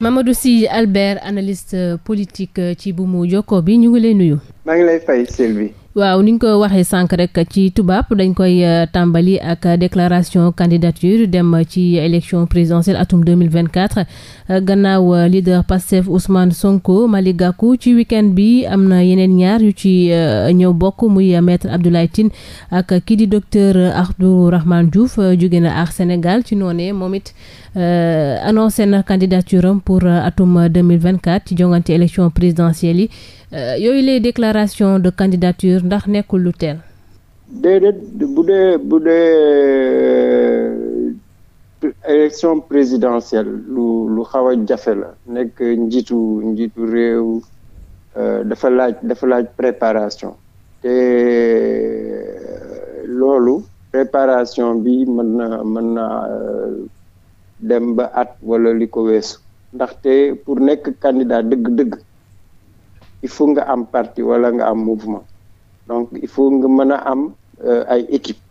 Mamadou Sy Albert analyste politique ci bu mu jokkoo bi ñu ngi lay nuyu. waaw ni ñu ko waxee sànq rek ci tubaab dañ koy euh, tàmbali ak déclaration candidature dem ci élection présidentielle atum 2024 euh, gannaaw euh, leader Pastef Ousmane Sonko Malick Gakou ci week-end bi am na yeneen ñaar yu ci ñëw bokk muy maître Abdoulaye Tine ak kii di docteur Abdourahmane Diouf jóge na Aar Sénégal ci noonee moom it Euh, annoncé na candidature am pour euh, atum 2024 euh, ci jongante élection présidentielle yi yooyu les déclaration de candidature ndax nekkul lu teel déedéet bu dee bu dee élection présidentielle lu lu xaw a jafe la nekk njiitu njiitu réew dafa laaj dafa laaj préparation te loolu préparation bi mën na mën na dem ba at wala li ko weesu ndaxte pour nekk candidat dëgg-dëgg il faut nga am partie wala nga am mouvement donc il faut nga mën a am euh, ay équipe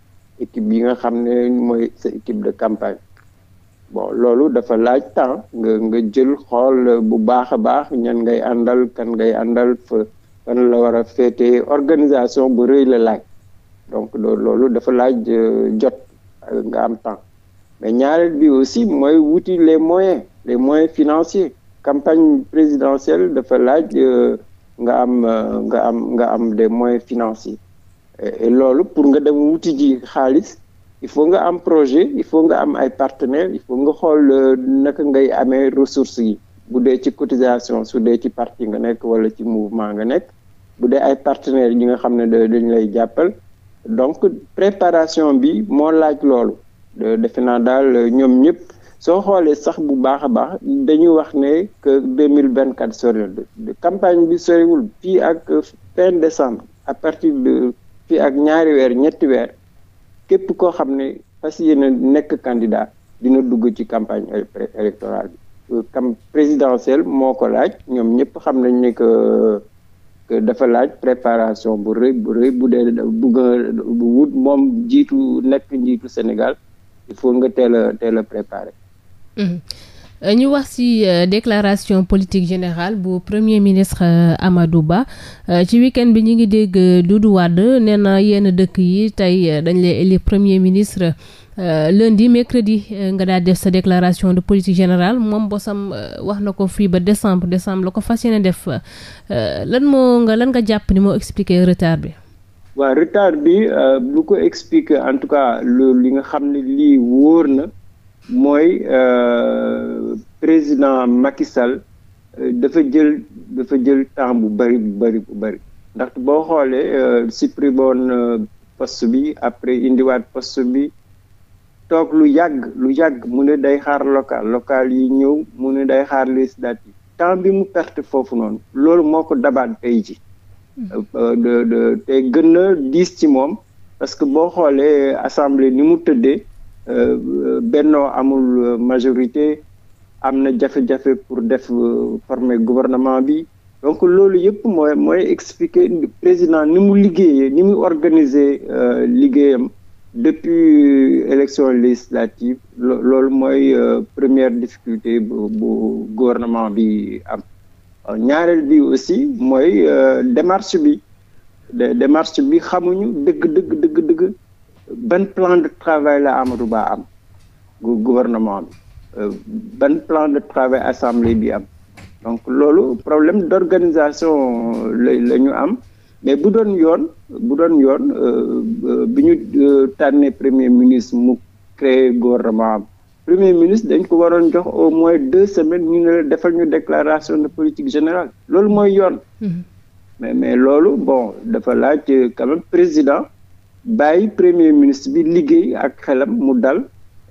équipe yi nga xam ne mooy sa équipe de campagne bon loolu dafa laaj temps nga nga jël xool bu baax a baax ñan ngay àndal kan ngay àndal fa fan la a féete organisation bu rëy la laaj donc loolu dafa laaj euh, jot euh, nga am temps mais ñaareel bi aussi mooy wuti les moyens les moyens financier campagne présidentielle dafa laaj euh, nga am euh, nga am nga am des moyens financiers loolu pour nga dem wuti ji xaalis il faut nga am projet il faut nga am ay partenaires il faut nga xool euh, naka ngay amee ressources yi bu dee ci cotisation su dee ci parti nga nekk wala ci mouvement nga nekk bu dee ay partenaires yi nga xam ne dañ lay jàppal donc préparation bi moo laaj loolu Euh, defe naa daal euh, ñoom ñëpp soo xoolee sax bu baax a baax dañu wax ne que deux mille vingt quatre soriwul campagne bi soriwul fii ak euh, fin décembre à partir de fii ak ñaari weer ñetti weer képp koo xam ne fas yéene nekk candidat dina dugg ci campagne électorale bi cam présidentielle moo ko laaj ñoom ñëpp xam nañ ne que que dafa laaj préparation bu rëy bu rëy bu dee bugg bu wut moom jiitu nekk njiitu Sénégal il faut nga teel a teel a mhm. euh, ñu wax ci euh, déclaration politique générale bu premier ministre euh, Amadou Ba ci week-end bi ñu ngi dégg Doudou Wade nee na yenn dëkk yi tey dañ lay élire premier ministre lundi mercredi nga daal def sa déclaration de politique générale moom bosam wax na ko fii ba décembre décembre la ko fas yéene def lan moo nga lan nga jàpp ni moo expliquer retard bi. waaw retard bi lu euh, ko expliquer en tout cas loolu li nga xam ne lii wóor na mooy euh, président Macky Sall euh, dafa jël dafa jël temps bu bari bu bari bu bari ndaxte boo xoolee supprimé woon poste bi après indiwaat poste bi toog lu yàgg lu yàgg mu ne day xaar local local yi ñëw mu ne day xaar yi temps bi mu perte foofu noonu loolu moo ko dabaat tey ji Euh, de de te gën a diis ci moom parce que boo xoolee assemblée ni mu tëddee euh, bennoo amul majorité am na jafe-jafe pour def euh, former gouvernement bi donc loolu yëpp mooy mooy président ni mu liggéeyee ni mu organiser liggéeyam depuis élection législative loolu mooy première difficulté bu bu gouvernement bi am Euh, ñaareel bi aussi mooy euh, démarche bi démarche bi xamuñu dëgg dëgg dëgg dëgg plan de travail la Amadou Ba am gouvernement bi euh, ban plan de travail assemblée bi am donc loolu problème d'organisation la la ñu am mais bu doon yoon bu doon yoon bi ñu tànnee premier ministre mu créer gouvernement premier ministre dañ ko waroon jox au moins deux semaines mu ne la defal ñu déclaration de politique générale loolu mooy yoon. Mhm. mais mais loolu bon dafa laaj euh, quand président bàyyi premier ministre bi liggéey ak xelam mu dal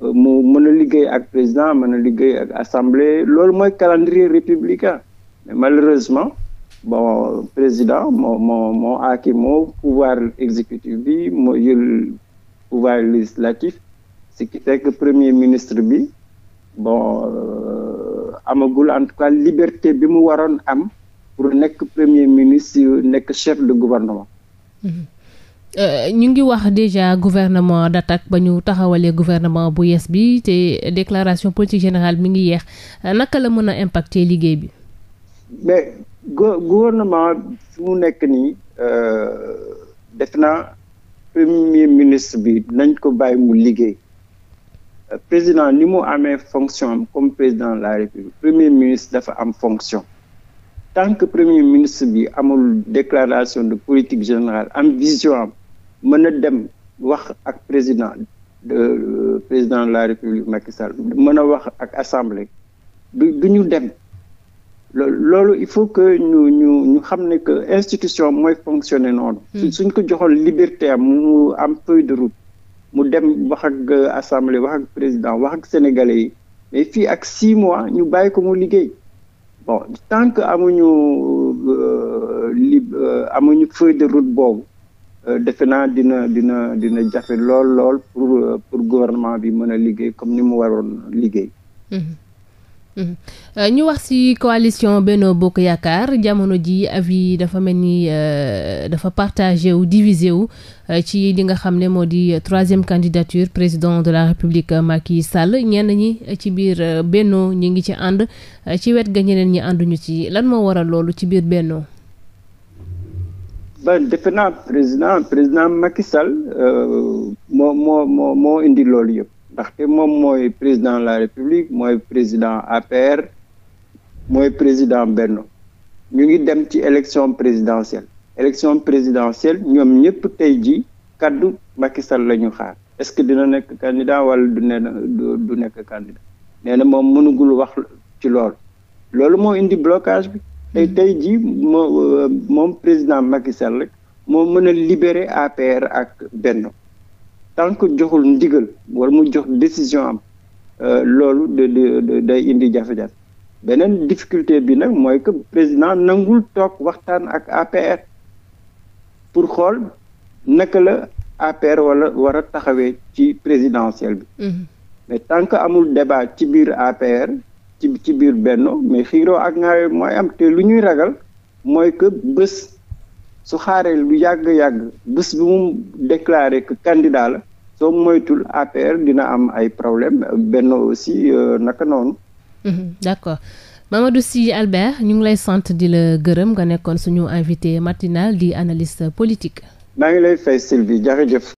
euh, mu mën a liggéey ak président mën a liggéey ak assemblée loolu mooy calendrier républicain mais malheureusement bon président moo moo moo aaki moo pouvoir exécutif bi moo yël pouvoir législatif ce qui fait que premier ministre bi bon euh, amagul en tout cas liberté bi mu waroon am pour nekk premier ministre nekk chef de gouvernement. Mm-hmm. Euh, ñu ngi wax déjà gouvernement d'attaque ba ñu taxawalee gouvernement bu yees bi te déclaration politique général mi ngi yeex naka la mën a impacter liggéey bi. mais gouvernement su mu nekk nii euh, def na premier ministre bi nañ ko bàyyi mu liggéey. Euh, président ni mu amee fonction am comme président la république premier ministre dafa am fonction tant que premier ministre bi amul déclaration de politique générale am vision am mën a dem wax ak président de euh, président la république Macky Sall mën a wax ak assemblée du du ñu dem loolu il faut que ñu ñu ñu xam ne que institution mooy fonctionner noonu. Hmm. suñ ko joxoon liberté am mu am feuille de route. mu dem wax ak euh, assemblée wax ak président wax ak sénégalais yi mais fii ak six mois ñu bàyyi ko mu liggéey bon tant que amuñu euh, li euh, amuñu feuille de boobu defe naa dina dina dina jafe lool lool pour pour gouvernement bi mën a liggéey comme ni mu waroon liggéey. Mm-hmm. Euh, ñu wax ci coalition Benno Bokk Yaakaar jamono ji avis dafa mel ni euh, dafa partagé wu divisé wu euh, ci li nga xam ne moo di troisième candidature président de la République Macky Sall ñenn ñi ci biir Benno ñu ngi ci ànd ci wet ga ñeneen ñi ànduñu ci lan moo waral loolu ci biir Benno ba defe naa président président Macky moo moo moo indi loolu yëpp ndaxte moom mooy président la république mooy président APR mooy président Benno ñu ngi dem ci élection présidentielle élection présidentielle ñoom ñëpp tey ji kaddu Macky Sall la ñu xaar est-ce que dina nekk candidat wala du ne du nekk candidat nee na moom mënugul wax ci lool loolu moo indi blocage bi tey tey ji moo euh, moom président Macky Sall moo mën a libérer APR ak Benno tant que joxul ndigal wala mu jox décision am euh, loolu de de day indi jafe-jafe beneen difficulté bi nag mooy que président nangul toog waxtaan ak APR pour xool naka la APR wala war a taxawee ci présidentielle bi. Mhm. mais tant que amul débat ci biir APR ci ci biir Benno mais xiiroo ak ngaayoo mooy am te lu ñuy ragal mooy que bés su xaaree lu yàgg-yàgg bés bu mu déclaré que candidat la soo moytul APR dina am ay problème benn aussi euh, naka noonu mmh, d'accord Mamadou Sy Albert ñu ngi lay sant di la gërëm nga nekkoon suñu invité matinal di analyste politique maa ngi lay fay Sylvie jërëjëf